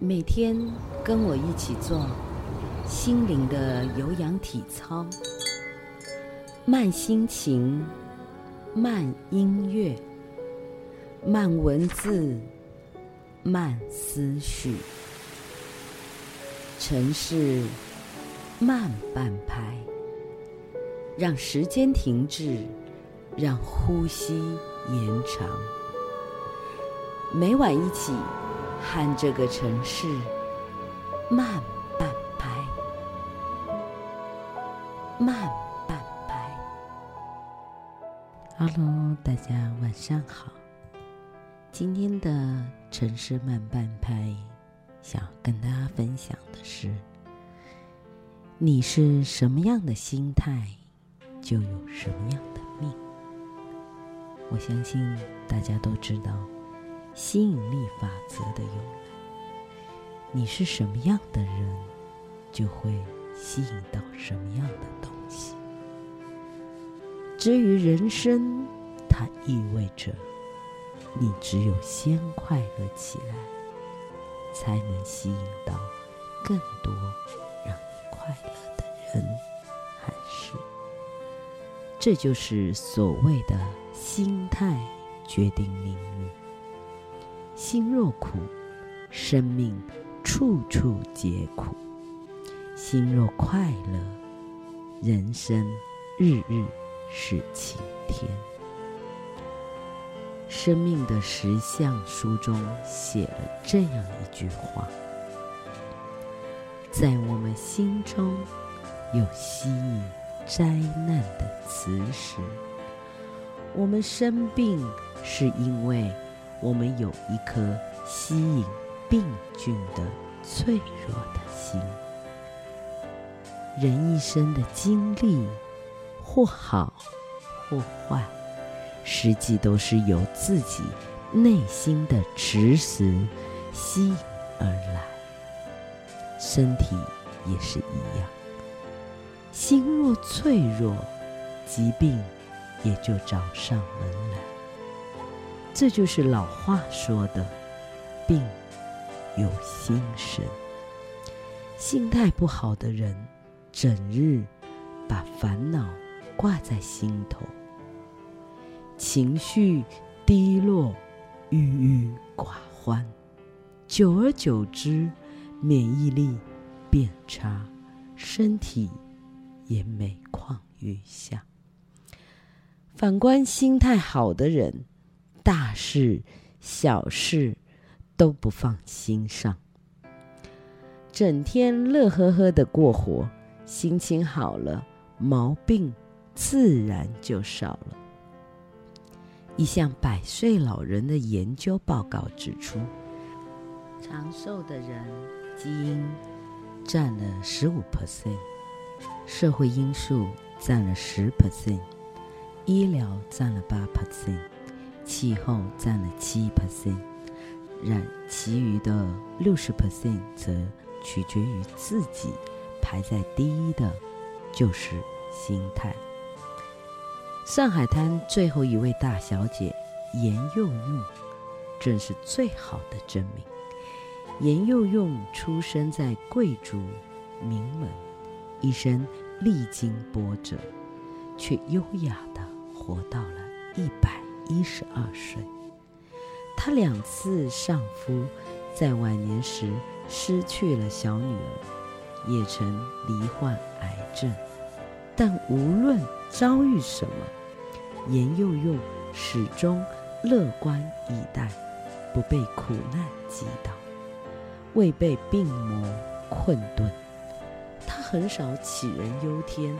每天跟我一起做心靈的有氧體操，慢心情，慢音樂，慢文字，慢思緒，城市慢半拍，讓時間停滯，讓呼吸延長。每晚一起。看這個城市，慢半拍，慢半拍。Hello，大家晚上好。今天的《城市慢半拍》，想跟大家分享的是：你是什麼樣的心態，就有什麼樣的命。我相信大家都知道。吸引力法則的由來：你是什麼樣的人，就會吸引到什麼樣的東西。至於人生，它意味着你只有先快樂起來，才能吸引到更多讓你快樂的人和事。這就是所謂的心態決定命運。心若苦，生命處處皆苦；心若快樂，人生日日是晴天。《生命的實相》書中寫了這樣一句話：在我們心中有吸引災難的磁石，我們生病是因為。我們有一顆吸引病菌的脆弱的心。人一生的經歷或好或壞，實際都是由自己內心的磁石吸引而來。身體也是一樣，心若脆弱，疾病也就找上門來。這就是老話說的“病由心生”，心態不好的人，整日把煩惱掛在心頭，情緒低落、鬱鬱寡歡，久而久之，免疫力變差，身體也每況愈下。反觀心態好的人，大事、小事都不放心上，整天樂呵呵的過活，心情好了，毛病自然就少了。一項百歲老人的研究報告指出，長壽的人基因占了十五 percent，社會因素占了十 percent，醫療占了八 percent。氣候占了七 percent，然其餘的六十 percent 則取決於自己。排在第一的，就是心態。上海灘最後一位大小姐嚴幼韻，正是最好的證明。嚴幼韻出生在貴族名門，一生歷經波折，卻優雅的活到了一百。一十二歲，他兩次喪夫，在晚年時失去了小女兒，也曾罹患癌症。但無論遭遇什麼，嚴幼韻始終樂觀以待，不被苦難擊倒，未被病魔困頓。他很少杞人憂天，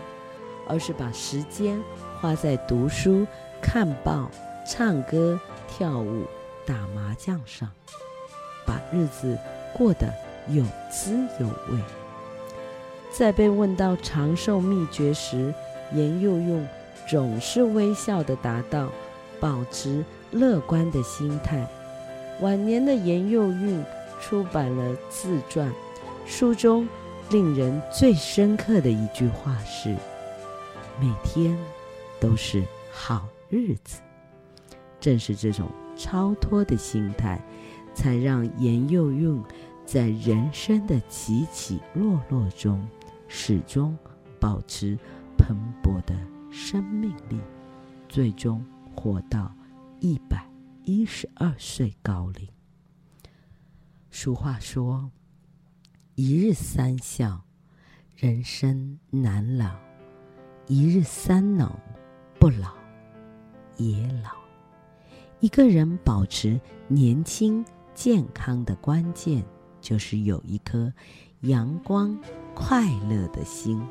而是把時間花在讀書、看報。唱歌、跳舞、打麻將上，把日子過得有滋有味。在被問到長壽秘訣時，嚴幼韻總是微笑地答道：“保持樂觀的心態。”晚年的嚴幼韻出版了自傳，書中令人最深刻的一句話是：“每天都是好日子。”正是這種超脫的心態，才讓嚴幼韻在人生的起起落落中，始終保持蓬勃的生命力，最終活到一百一十二歲高齡。俗話說：“一日三笑，人生難老；一日三惱，不老也老。”一個人保持年輕健康的關鍵，就是有一顆陽光、快樂的心。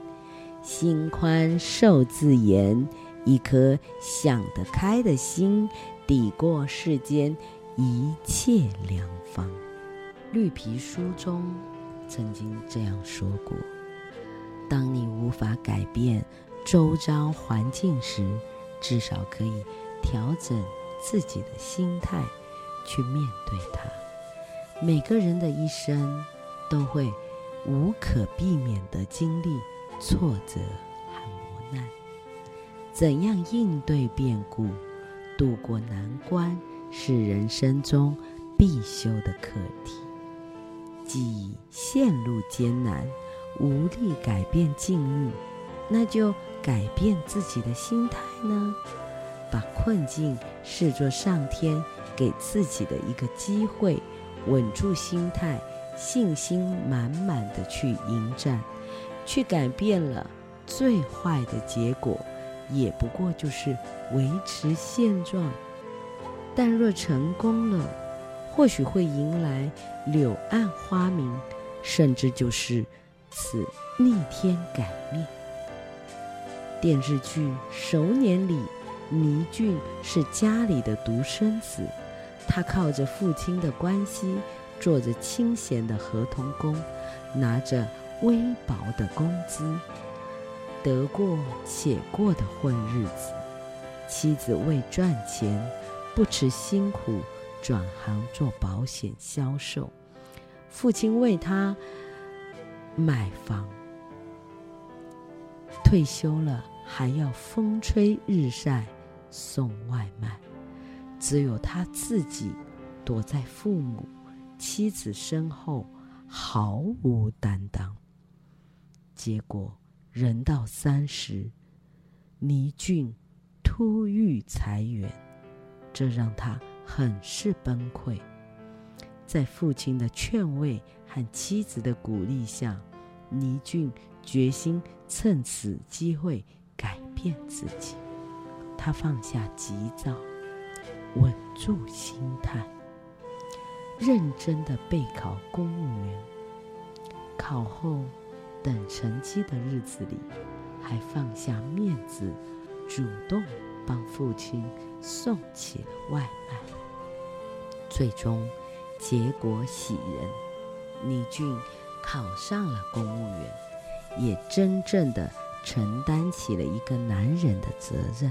心寬壽自延，一顆想得開的心，抵過世間一切良方。綠皮書中曾經這樣說過：當你無法改變周遭環境時，至少可以調整。自己的心態去面對它。每個人的一生都會無可避免的經歷挫折和磨難。怎樣應對變故、度過難關，是人生中必修的課題。既陷入艱難、無力改變境遇，那就改變自己的心態呢？把困境視作上天給自己的一個機會，穩住心態，信心滿滿的去迎戰，去改變了，最壞的結果，也不過就是維持現狀；但若成功了，或許會迎來柳暗花明，甚至就是此逆天改命。電視劇《熟年》裡，倪俊是家裡的獨生子，他靠着父親的關係做着清閒的合同工，拿着微薄的工資，得過且過的混日子。妻子為賺錢不辭辛苦，轉行做保險銷售。父親為他買房，退休了還要風吹日曬。送外賣，只有他自己躲在父母、妻子身後，毫無擔當。結果，人到三十，倪俊突遇裁員，這讓他很是崩潰。在父親的勸慰和妻子的鼓勵下，倪俊決心趁此機會改變自己。他放下急躁，穩住心態，認真的備考公務員。考後等成績的日子裡，還放下面子，主動幫父親送起了外賣。最終，結果喜人，李俊考上了公務員，也真正的承擔起了一個男人的責任。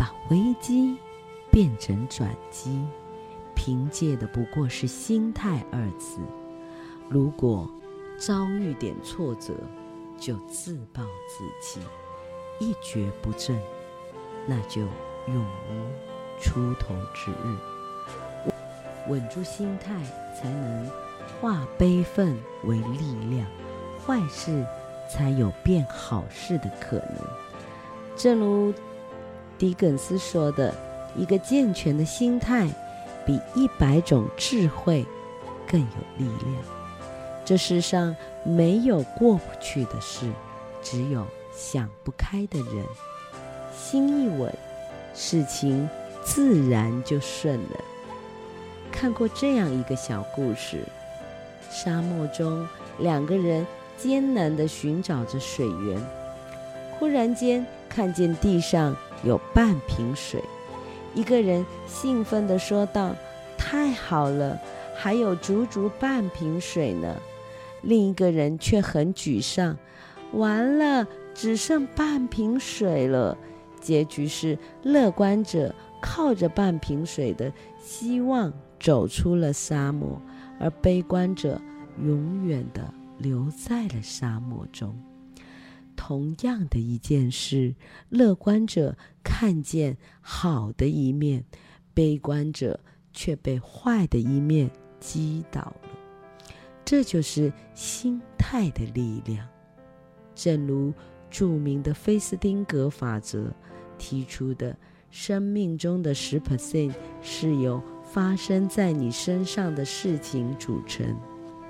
把危機變成轉機，憑借的不過是心態二字。如果遭遇點挫折就自暴自棄、一蹶不振，那就永無出頭之日。穩住心態，才能化悲憤為力量，壞事才有變好事的可能。正如。狄更斯說的：“一個健全的心態，比一百種智慧更有力量。這世上沒有過不去的事，只有想不開的人。心一穩，事情自然就順了。”看過這樣一個小故事：沙漠中，兩個人艱難地尋找着水源，忽然間看見地上。有半瓶水，一個人興奮地說道：“太好了，還有足足半瓶水呢。”另一個人卻很沮喪：“完了，只剩半瓶水了。”結局是，樂觀者靠着半瓶水的希望走出了沙漠，而悲觀者永遠地留在了沙漠中。同樣的一件事，樂觀者看見好的一面，悲觀者卻被壞的一面擊倒了。這就是心態的力量。正如著名的菲斯汀格法則提出的，生命中的10%是由發生在你身上的事情組成，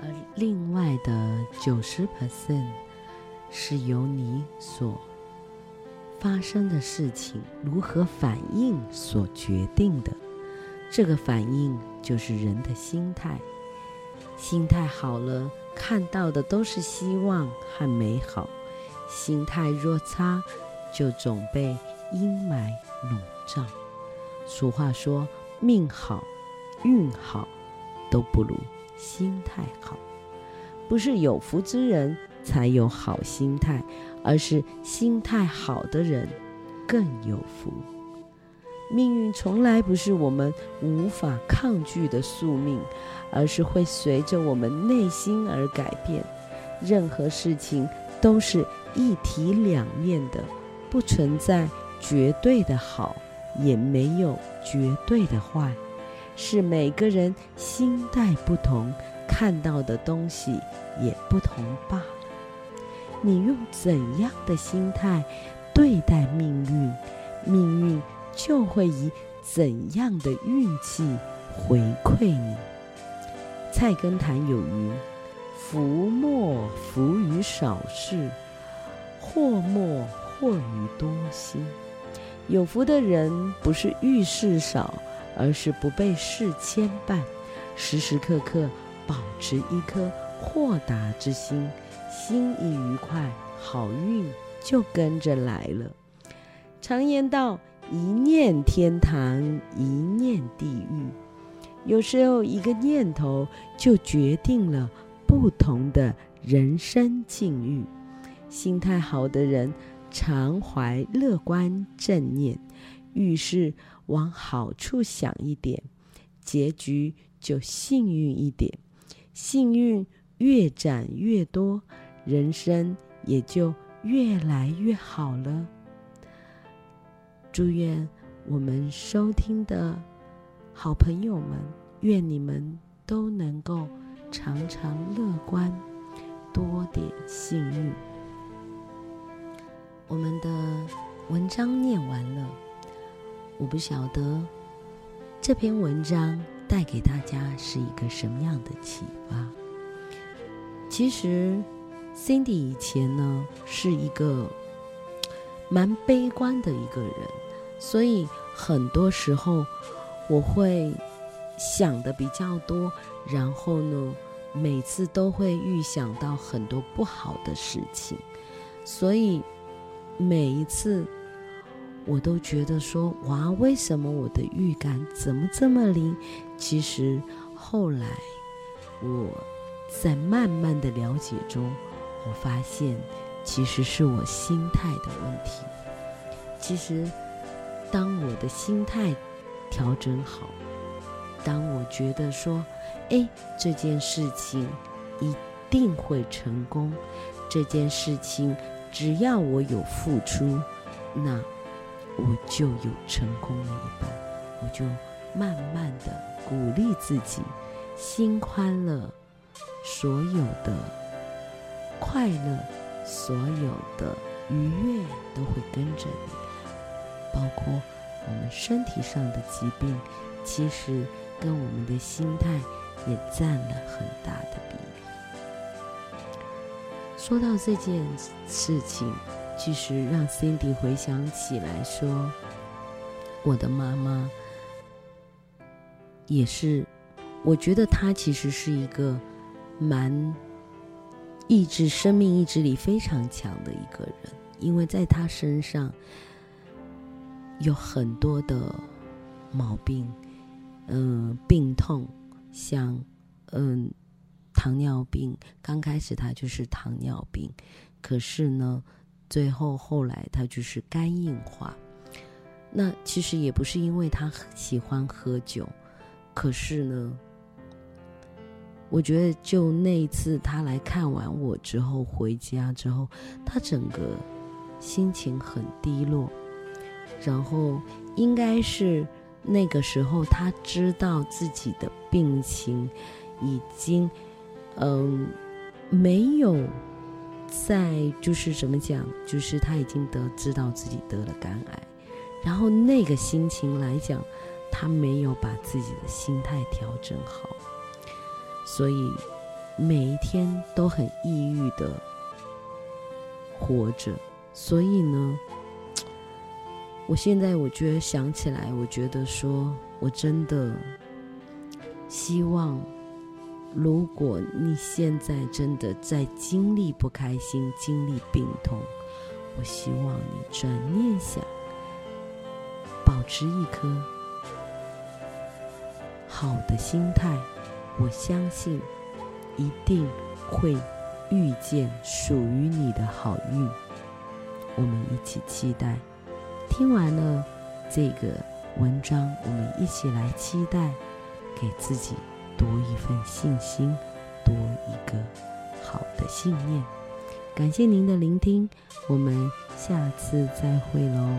而另外的90%。是由你所發生的事情如何反應所決定的，這個反應就是人的心態。心態好了，看到的都是希望和美好；心態若差，就總被陰霾籠罩。俗話說：“命好、運好，都不如心態好。”不是有福之人。才有好心態，而是心態好的人更有福。命運從來不是我們無法抗拒的宿命，而是會隨着我們內心而改變。任何事情都是一體兩面的，不存在絕對的好，也沒有絕對的壞，是每個人心態不同，看到的東西也不同吧。你用怎樣的心態對待命運，命運就會以怎樣的運氣回饋你。《菜根譚》有云：“福莫福於少事，禍莫禍於多心。”有福的人不是遇事少，而是不被事牽絆，時時刻刻保持一顆。豁達之心，心一愉快，好運就跟着來了。常言道：“一念天堂，一念地獄。”有時候一個念頭就決定了不同的人生境遇。心態好的人常懷樂觀正念，遇事往好處想一點，結局就幸運一點。幸運。越攢越多，人生也就越來越好了。祝願我們收聽的好朋友們，願你們都能夠常常樂觀，多點幸運。我們的文章念完了，我不曉得這篇文章帶給大家是一個什麼樣的啟發。其實，Cindy 以前呢是一個蠻悲觀的一個人，所以很多時候我會想的比較多，然後呢，每次都會預想到很多不好的事情，所以每一次我都覺得說，哇，為什麼我的預感怎麼這麼靈？其實後來我。在慢慢的了解中，我發現其實是我心態的問題。其實，當我的心態調整好，當我覺得說，哎，這件事情一定會成功，這件事情只要我有付出，那我就有成功的一半。我就慢慢的鼓勵自己，心寬了。所有的快樂，所有的愉悅都會跟着你，包括我們身體上的疾病，其實跟我們的心態也占了很大的比例。說到這件事情，其實讓 Cindy 回想起來說，我的媽媽也是，我覺得她其實是一個。蠻意志、生命意志力非常強的一個人，因為在他身上有很多的毛病，嗯、呃，病痛，像嗯、呃，糖尿病，剛開始他就是糖尿病，可是呢，最後後來他就是肝硬化。那其實也不是因為他喜歡喝酒，可是呢。我覺得就那一次他來看完我之後回家之後，他整個心情很低落，然後應該是那個時候他知道自己的病情已經，嗯、呃，沒有在就是怎麼講，就是他已經得知道自己得了肝癌，然後那個心情來講，他沒有把自己的心態調整好。所以每一天都很抑鬱的活着，所以呢，我現在我覺得想起來，我覺得說，我真的希望，如果你現在真的在經歷不開心、經歷病痛，我希望你轉念想，保持一顆好的心態。我相信，一定會遇見屬於你的好運。我們一起期待。聽完了這個文章，我們一起來期待，給自己多一份信心，多一個好的信念。感謝您的聆聽，我們下次再會嘍。